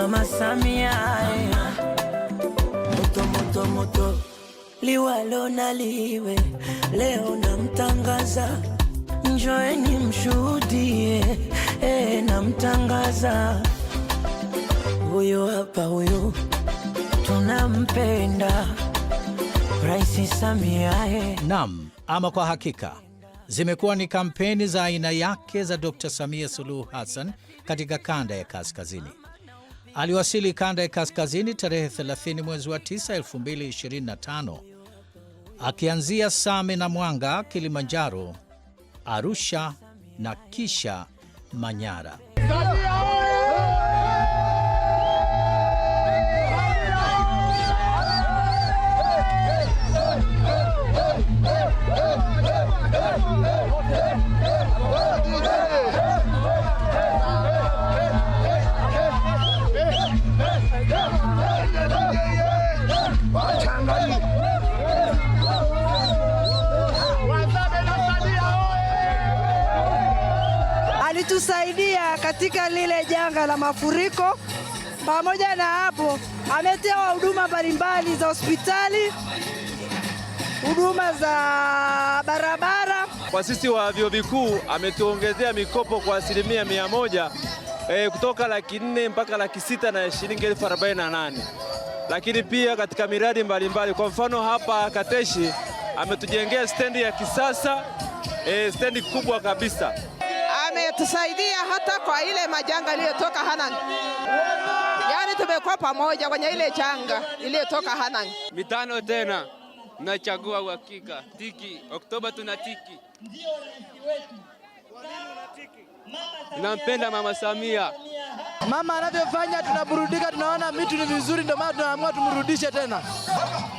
Mama Samia eh. moto moto moto, liwalo na liwe, leo namtangaza, njoeni mshuhudie. E, namtangaza huyo hapa, huyo tunampenda Rais Samia. Eh. Naam, ama kwa hakika zimekuwa ni kampeni za aina yake za Dr. Samia Suluhu Hassan katika kanda ya kaskazini aliwasili kanda ya kaskazini tarehe 30 mwezi wa 9 2025, akianzia Same na Mwanga, Kilimanjaro, Arusha na kisha Manyara. mafuriko. Pamoja na hapo, ametewa huduma mbalimbali za hospitali, huduma za barabara. Kwa sisi wa vyuo vikuu ametuongezea mikopo kwa asilimia mia moja e, kutoka laki nne mpaka laki sita na shilingi elfu arobaini na nane lakini pia katika miradi mbalimbali, kwa mfano hapa Kateshi ametujengea stendi ya kisasa e, stendi kubwa kabisa tusaidia hata kwa ile majanga iliyotoka Hanang, yaani tumekuwa pamoja kwenye ile janga iliyotoka Hanang. Mitano tena nachagua uhakika. Tiki Oktoba tunatiki. Ndio, wetu. Kwa nini unatiki? Nampenda mama Samia, mama anavyofanya tunaburudika, tunaona vitu ni vizuri, ndio maana tunaamua tumrudishe tena.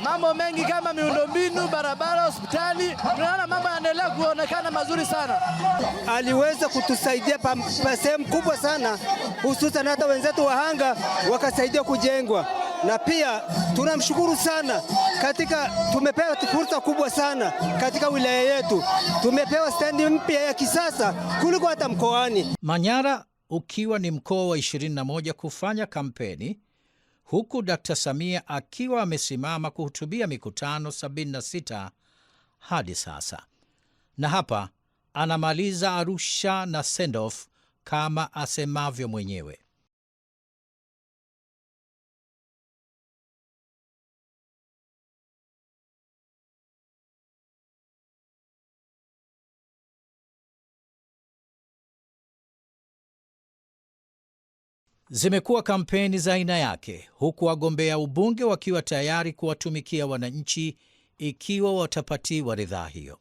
Mambo mengi kama miundombinu, barabara, hospitali, tunaona mambo yanaendelea kuonekana mazuri sana. Aliweza kutusaidia pa sehemu kubwa sana, hususan hata wenzetu wahanga wakasaidia kujengwa na pia tunamshukuru sana katika, tumepewa fursa kubwa sana katika wilaya yetu, tumepewa stendi mpya ya kisasa kuliko hata mkoani Manyara, ukiwa ni mkoa wa 21 kufanya kampeni huku Dkt. Samia akiwa amesimama kuhutubia mikutano 76 hadi sasa, na hapa anamaliza Arusha na Sendof kama asemavyo mwenyewe. Zimekuwa kampeni za aina yake, huku wagombea ubunge wakiwa tayari kuwatumikia wananchi ikiwa watapatiwa ridhaa hiyo.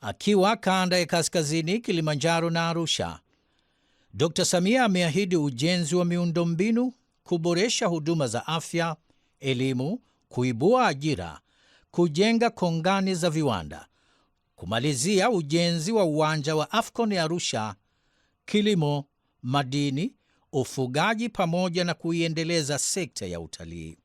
akiwa kanda ya kaskazini Kilimanjaro na Arusha. Dkt. Samia ameahidi ujenzi wa miundombinu, kuboresha huduma za afya, elimu, kuibua ajira, kujenga kongani za viwanda, kumalizia ujenzi wa uwanja wa AFCON ya Arusha, kilimo, madini, ufugaji pamoja na kuiendeleza sekta ya utalii.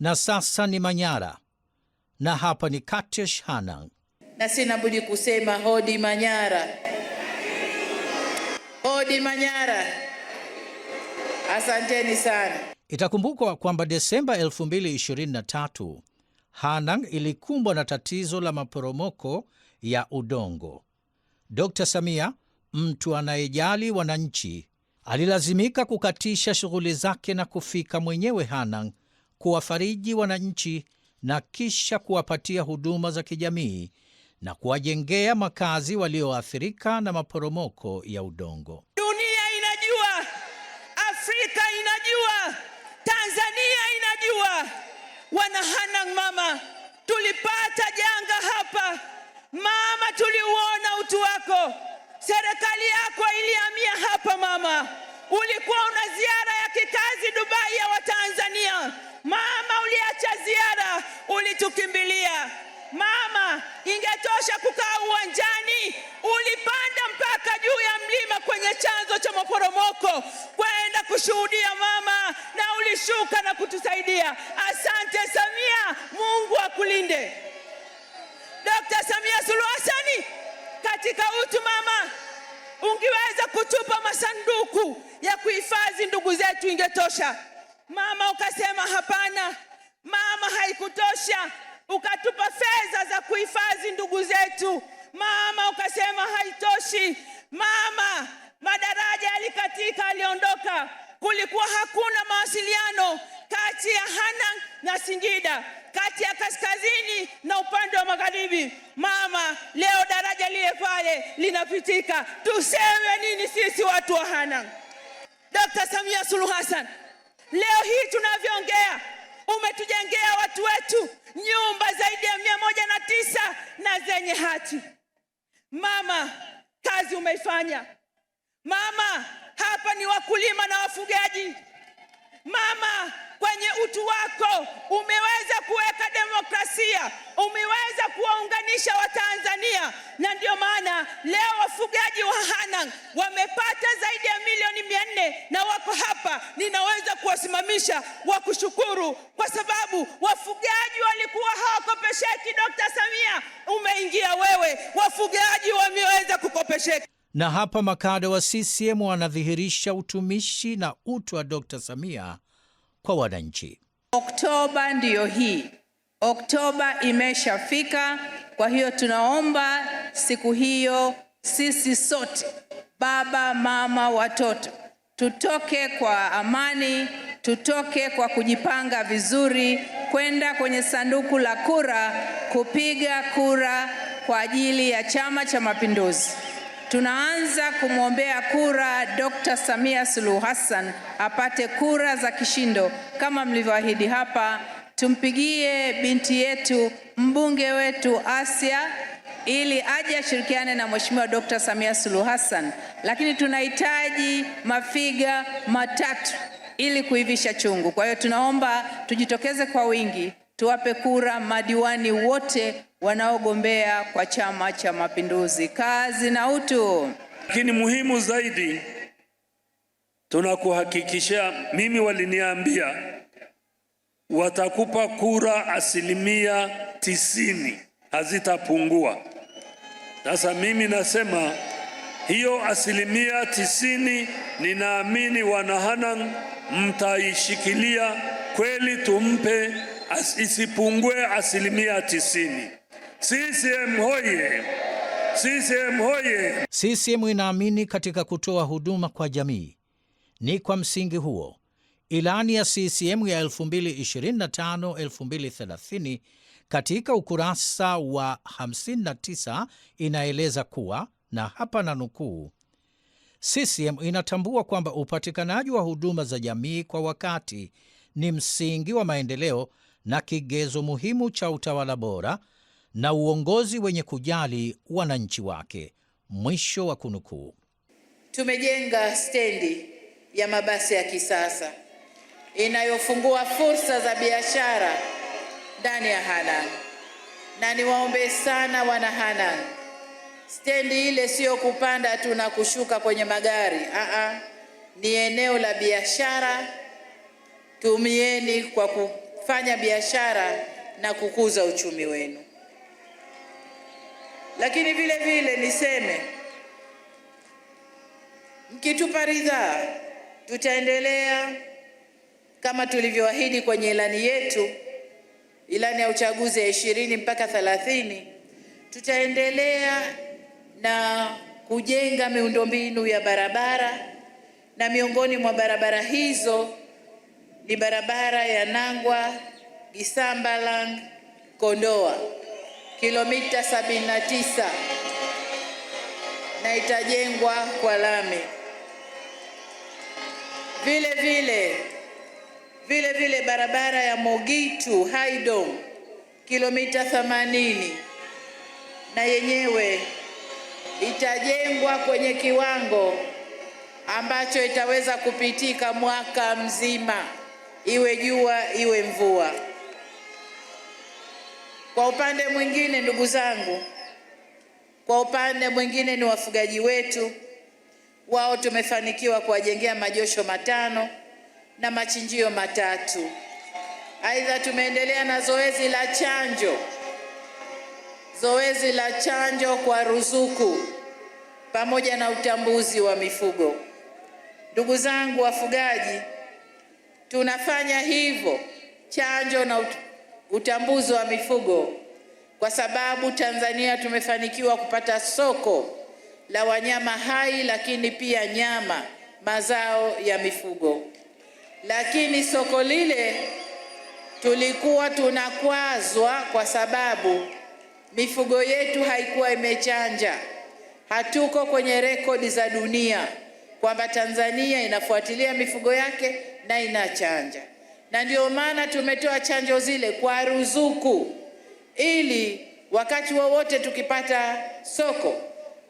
Na sasa ni Manyara na hapa ni Katesh Hanang, na sina budi kusema hodi Manyara, hodi Manyara, asanteni sana. Itakumbukwa kwamba Desemba 223 Hanang ilikumbwa na tatizo la maporomoko ya udongo Dkt. Samia, mtu anayejali wananchi, alilazimika kukatisha shughuli zake na kufika mwenyewe Hanang kuwafariji wananchi na kisha kuwapatia huduma za kijamii na kuwajengea makazi walioathirika na maporomoko ya udongo. Dunia inajua, Afrika inajua, Tanzania inajua. Wana Hanang mama, tulipata janga hapa Mama, tuliuona utu wako. Serikali yako ilihamia hapa mama, ulikuwa una ziara ya kikazi Dubai ya Watanzania mama, uliacha ziara, ulitukimbilia mama. Ingetosha kukaa uwanjani, ulipanda mpaka juu ya mlima kwenye chanzo cha maporomoko kwenda kushuhudia mama, na ulishuka na kutusaidia. Asante Samia, Mungu akulinde. Dr. Samia Suluhu Hassan katika utu mama, ungeweza kutupa masanduku ya kuhifadhi ndugu zetu, ingetosha. Mama ukasema hapana, mama haikutosha, ukatupa fedha za kuhifadhi ndugu zetu. Mama ukasema haitoshi, mama madaraja yalikatika, aliondoka kulikuwa hakuna mawasiliano kati ya Hanang na Singida, kati ya kaskazini na upande wa magharibi. Mama, leo daraja lile pale linapitika, tuseme nini sisi watu wa Hanang? Dkt. Samia Suluhu Hassan, leo hii tunavyoongea, umetujengea watu wetu nyumba zaidi ya mia moja na tisa na zenye hati. Mama, kazi umeifanya mama wakulima na wafugaji. Mama, kwenye utu wako umeweza kuweka demokrasia, umeweza kuwaunganisha Watanzania, na ndio maana leo wafugaji wa Hanang' wamepata zaidi ya milioni mia nne na wako hapa. Ninaweza kuwasimamisha wakushukuru, kwa sababu wafugaji walikuwa hawakopesheki. Dkt. Samia, umeingia wewe, wafugaji wameweza kukopesheka. Na hapa makada wa CCM wanadhihirisha utumishi na utu wa Dr. Samia kwa wananchi. Oktoba ndiyo hii, Oktoba imeshafika. Kwa hiyo tunaomba siku hiyo sisi sote, baba, mama, watoto, tutoke kwa amani, tutoke kwa kujipanga vizuri kwenda kwenye sanduku la kura kupiga kura kwa ajili ya Chama cha Mapinduzi. Tunaanza kumwombea kura Dr. Samia Suluhu Hassan apate kura za kishindo kama mlivyoahidi hapa. Tumpigie binti yetu mbunge wetu Asia ili aje ashirikiane na Mheshimiwa Dr. Samia Suluhu Hassan, lakini tunahitaji mafiga matatu ili kuivisha chungu. Kwa hiyo tunaomba tujitokeze kwa wingi tuwape kura madiwani wote wanaogombea kwa Chama cha Mapinduzi. Kazi na utu. Lakini muhimu zaidi, tunakuhakikishia, mimi waliniambia watakupa kura asilimia tisini, hazitapungua. Sasa mimi nasema hiyo asilimia tisini, ninaamini wanahanang mtaishikilia kweli, tumpe isipungue asilimia tisini. CCM hoye! CCM hoye! CCM inaamini katika kutoa huduma kwa jamii. Ni kwa msingi huo ilani ya CCM ya 2025-2030 katika ukurasa wa 59 inaeleza kuwa na hapa na nukuu, CCM inatambua kwamba upatikanaji wa huduma za jamii kwa wakati ni msingi wa maendeleo na kigezo muhimu cha utawala bora na uongozi wenye kujali wananchi wake. Mwisho wa kunukuu. Tumejenga stendi ya mabasi ya kisasa inayofungua fursa za biashara ndani ya Hanang, na niwaombe sana wana Hanang, stendi ile siyo kupanda tu na kushuka kwenye magari. Aa, ni eneo la biashara, tumieni kwa ku fanya biashara na kukuza uchumi wenu. Lakini vile vile niseme, mkitupa ridhaa, tutaendelea kama tulivyoahidi kwenye ilani yetu, ilani ya uchaguzi ya ishirini mpaka thelathini, tutaendelea na kujenga miundombinu ya barabara na miongoni mwa barabara hizo ni barabara ya Nangwa Gisambalang Kondoa kilomita 79 na itajengwa kwa lami. Vile vile vile vile barabara ya Mogitu Haidom kilomita 80 na yenyewe itajengwa kwenye kiwango ambacho itaweza kupitika mwaka mzima iwe jua iwe mvua. Kwa upande mwingine, ndugu zangu, kwa upande mwingine ni wafugaji wetu, wao tumefanikiwa kuwajengea majosho matano na machinjio matatu. Aidha, tumeendelea na zoezi la chanjo, zoezi la chanjo kwa ruzuku pamoja na utambuzi wa mifugo. Ndugu zangu wafugaji Tunafanya hivyo chanjo na utambuzi wa mifugo kwa sababu Tanzania tumefanikiwa kupata soko la wanyama hai, lakini pia nyama, mazao ya mifugo. Lakini soko lile tulikuwa tunakwazwa kwa sababu mifugo yetu haikuwa imechanja. Hatuko kwenye rekodi za dunia kwamba Tanzania inafuatilia mifugo yake na inachanja, na ndio maana tumetoa chanjo zile kwa ruzuku, ili wakati wowote wa tukipata soko,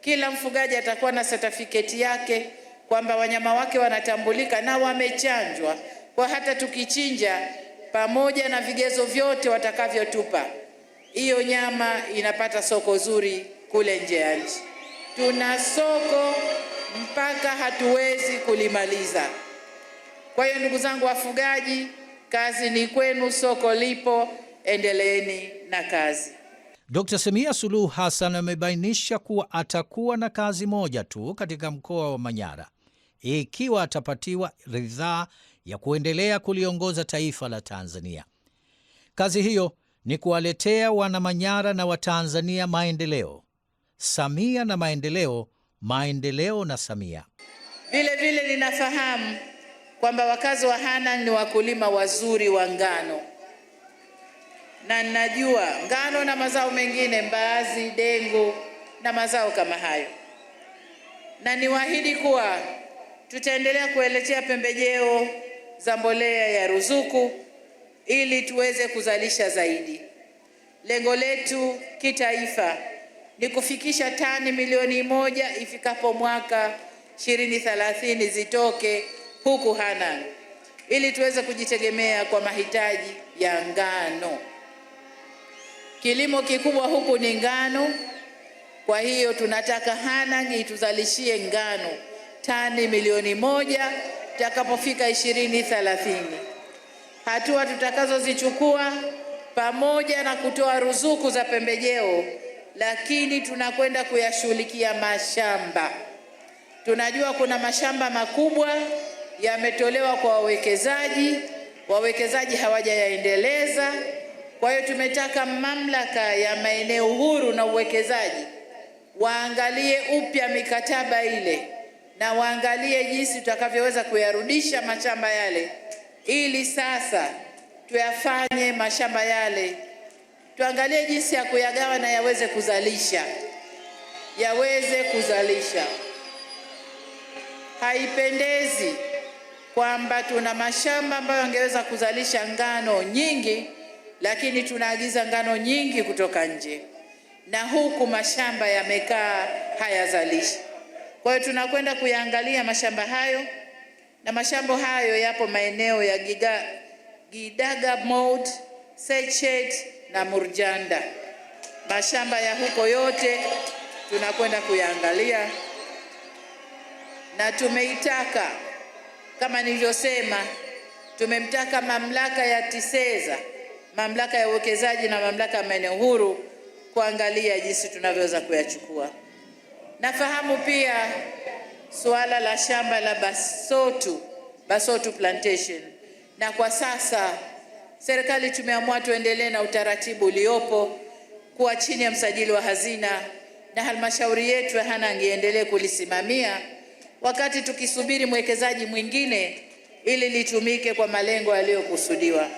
kila mfugaji atakuwa na certificate yake kwamba wanyama wake wanatambulika na wamechanjwa, kwa hata tukichinja pamoja na vigezo vyote watakavyotupa, hiyo nyama inapata soko zuri kule nje ya nchi. Tuna soko mpaka hatuwezi kulimaliza. Kwa hiyo ndugu zangu wafugaji, kazi ni kwenu, soko lipo, endeleeni na kazi. Dkt. Samia Suluhu Hassan amebainisha kuwa atakuwa na kazi moja tu katika mkoa wa Manyara ikiwa atapatiwa ridhaa ya kuendelea kuliongoza taifa la Tanzania. Kazi hiyo ni kuwaletea wana manyara na Watanzania maendeleo. Samia na maendeleo, maendeleo na Samia. Vile vile ninafahamu kwamba wakazi wa Hanang ni wakulima wazuri wa ngano, na ninajua ngano na mazao mengine, mbaazi, dengu na mazao kama hayo, na niwaahidi kuwa tutaendelea kuelekea pembejeo za mbolea ya ruzuku ili tuweze kuzalisha zaidi. Lengo letu kitaifa ni kufikisha tani milioni moja ifikapo mwaka 2030 zitoke huku Hanang ili tuweze kujitegemea kwa mahitaji ya ngano. Kilimo kikubwa huku ni ngano, kwa hiyo tunataka Hanang ituzalishie ngano tani milioni moja takapofika ishirini thelathini. Hatua tutakazozichukua pamoja na kutoa ruzuku za pembejeo, lakini tunakwenda kuyashughulikia mashamba. Tunajua kuna mashamba makubwa yametolewa kwa wawekezaji, wawekezaji hawajayaendeleza. Kwa hiyo tumetaka mamlaka ya maeneo huru na uwekezaji waangalie upya mikataba ile na waangalie jinsi tutakavyoweza kuyarudisha mashamba yale, ili sasa tuyafanye mashamba yale, tuangalie jinsi ya kuyagawa na yaweze kuzalisha, yaweze kuzalisha. Haipendezi kwamba tuna mashamba ambayo yangeweza kuzalisha ngano nyingi, lakini tunaagiza ngano nyingi kutoka nje, na huku mashamba yamekaa hayazalishi. Kwa hiyo tunakwenda kuyaangalia mashamba hayo, na mashamba hayo yapo maeneo ya Giga, Mode, Sechet na Murjanda. Mashamba ya huko yote tunakwenda kuyaangalia na tumeitaka kama nilivyosema, tumemtaka mamlaka ya TISEZA, mamlaka ya uwekezaji na mamlaka ya maeneo huru kuangalia jinsi tunavyoweza kuyachukua. Nafahamu pia suala la shamba la Basotu, Basotu plantation, na kwa sasa serikali tumeamua tuendelee na utaratibu uliopo kuwa chini ya msajili wa hazina na halmashauri yetu ya Hanang' iendelee kulisimamia wakati tukisubiri mwekezaji mwingine ili litumike kwa malengo yaliyokusudiwa.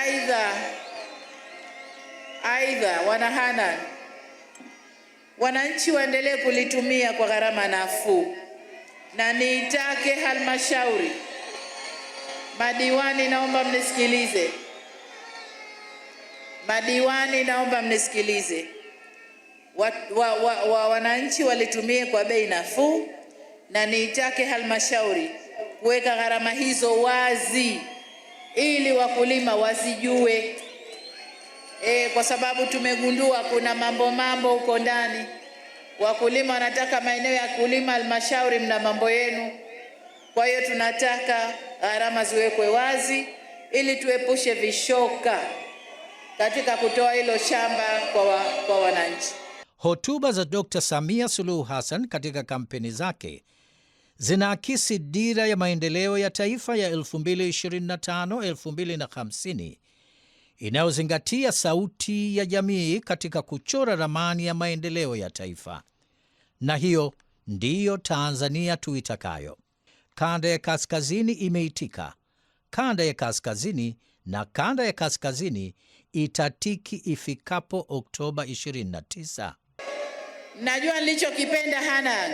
Aidha, aidha wanahana wananchi waendelee kulitumia kwa gharama nafuu, na niitake halmashauri, madiwani, naomba mnisikilize, madiwani, naomba mnisikilize wa, wa, wa, wananchi walitumie kwa bei nafuu, na niitake halmashauri kuweka gharama hizo wazi ili wakulima wazijue, e, kwa sababu tumegundua kuna mambo mambo huko ndani. Wakulima wanataka maeneo ya kulima, halmashauri mna mambo yenu. Kwa hiyo tunataka gharama ziwekwe wazi ili tuepushe vishoka katika kutoa hilo shamba kwa, wa, kwa wananchi. Hotuba za Dr. Samia Suluhu Hassan katika kampeni zake zinaakisi dira ya maendeleo ya taifa ya 2025-2050 inayozingatia sauti ya jamii katika kuchora ramani ya maendeleo ya taifa. Na hiyo ndiyo Tanzania tuitakayo. Kanda ya Kaskazini imeitika. Kanda ya Kaskazini na Kanda ya Kaskazini itatiki ifikapo Oktoba 29. Najua nilichokipenda Hanang,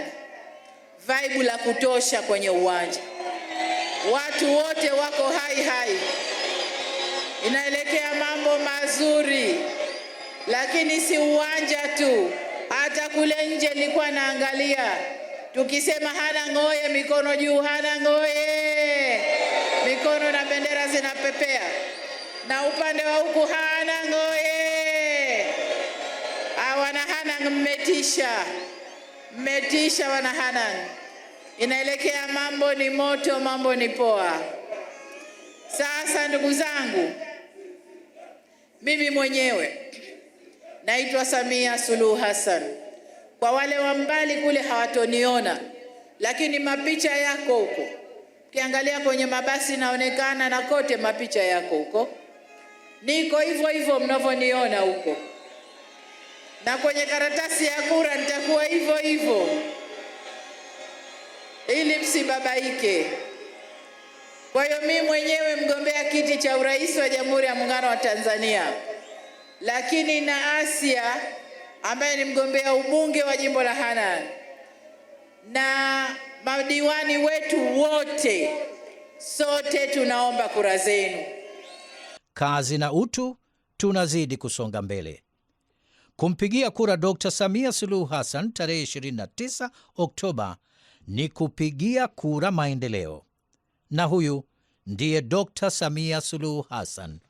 vaibu la kutosha kwenye uwanja, watu wote wako hai hai, inaelekea mambo mazuri. Lakini si uwanja tu, hata kule nje nilikuwa naangalia, tukisema Hanang oye, mikono juu. Hanang oye, mikono na bendera zinapepea, na upande wa huku Hanang oye Wanahanang, mmetisha, mmetisha Wanahanang. Inaelekea mambo ni moto, mambo ni poa. Sasa ndugu zangu, mimi mwenyewe naitwa Samia Suluhu Hassan. Kwa wale wa mbali kule hawatoniona, lakini mapicha yako huko, ukiangalia kwenye mabasi naonekana na kote, mapicha yako huko. Niko hivyo hivyo mnavyoniona huko na kwenye karatasi ya kura nitakuwa hivyo hivyo, ili msibabaike. Kwa hiyo mimi mwenyewe mgombea kiti cha urais wa Jamhuri ya Muungano wa Tanzania, lakini na Asia ambaye ni mgombea ubunge wa jimbo la Hanang na madiwani wetu wote, sote tunaomba kura zenu. Kazi na utu, tunazidi kusonga mbele. Kumpigia kura Dr. Samia Suluhu Hassan tarehe 29 Oktoba ni kupigia kura maendeleo, na huyu ndiye Dr. Samia Suluhu Hassan.